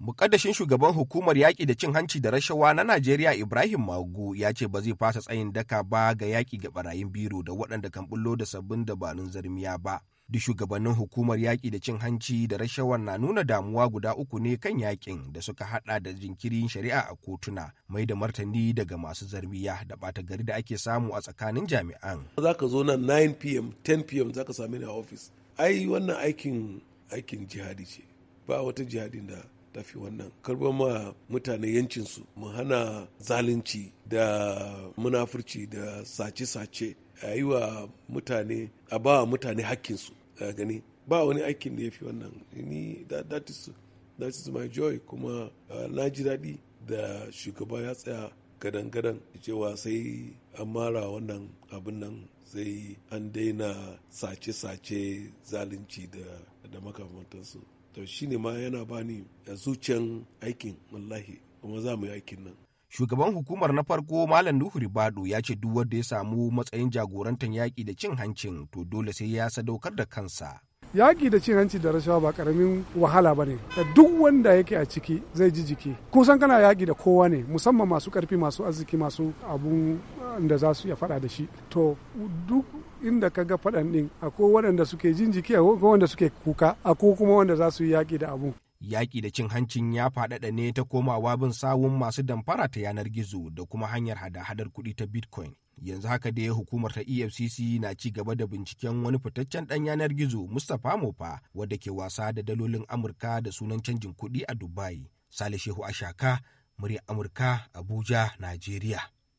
Mukaddashin shugaban hukumar yaƙi da cin hanci da rashawa na Najeriya Ibrahim Magu ya ce ba zai fasa tsayin daka ba ga yaƙi ga barayin biro da waɗanda kan bullo da sabbin dabarun zarmiya ba. Duk shugabannin hukumar yaƙi da cin hanci da rashawa na nuna damuwa guda uku ne kan yaƙin da suka haɗa da jinkirin shari'a a kotuna, mai da martani daga masu zarmiya da ɓata gari da ake samu a tsakanin jami'an. Za ka zo nan 9 pm 10 pm za ka sami ni a ofis. Ai wannan aikin aikin jihadi ce ba wata jihadin da tafi wannan karɓar ma mutane yancinsu mu hana zalunci da munafurci da sace-sace a yi wa mutane a ba wa mutane hakkinsu gani ba wani aikin da ya fi wannan ni that, that, is, that is my joy kuma ah, na ji daɗi da shugaba ya tsaya gadan-gadan cewa sai an mara wannan abin nan sai an daina sace-sace zalunci da makamantansu to ne ma yana bani zuciyan aikin wallahi kuma za mu yi aikin nan shugaban hukumar na farko malam nuhu ribadu ya ce duk wanda ya samu matsayin jagorantar yaƙi da cin hancin to dole sai ya sadaukar da kansa yaƙi da cin hanci da rashawa ba ƙaramin wahala ba ne duk wanda yake a ciki zai ji jiki kusan kana yaƙi da kowa ne musamman masu ƙarfi masu arziki masu abun eh, da za su iya faɗa da shi to duk inda ka ga faɗan ɗin akwai waɗanda suke jin jiki akwai wanda suke kuka akwai kuma wanda za su yi yaƙi da abu. Yaƙi da cin hancin ya faɗaɗa ne ta komawa bin sawun masu damfara ta yanar gizo da kuma hanyar hada-hadar kuɗi ta Bitcoin. Yanzu haka dai hukumar ta EFCC na ci gaba da binciken wani fitaccen ɗan yanar gizo Mustapha Mofa wadda ke wasa da dalolin Amurka da sunan canjin kuɗi a Dubai. Sale Shehu Ashaka, murya Amurka, Abuja, Najeriya.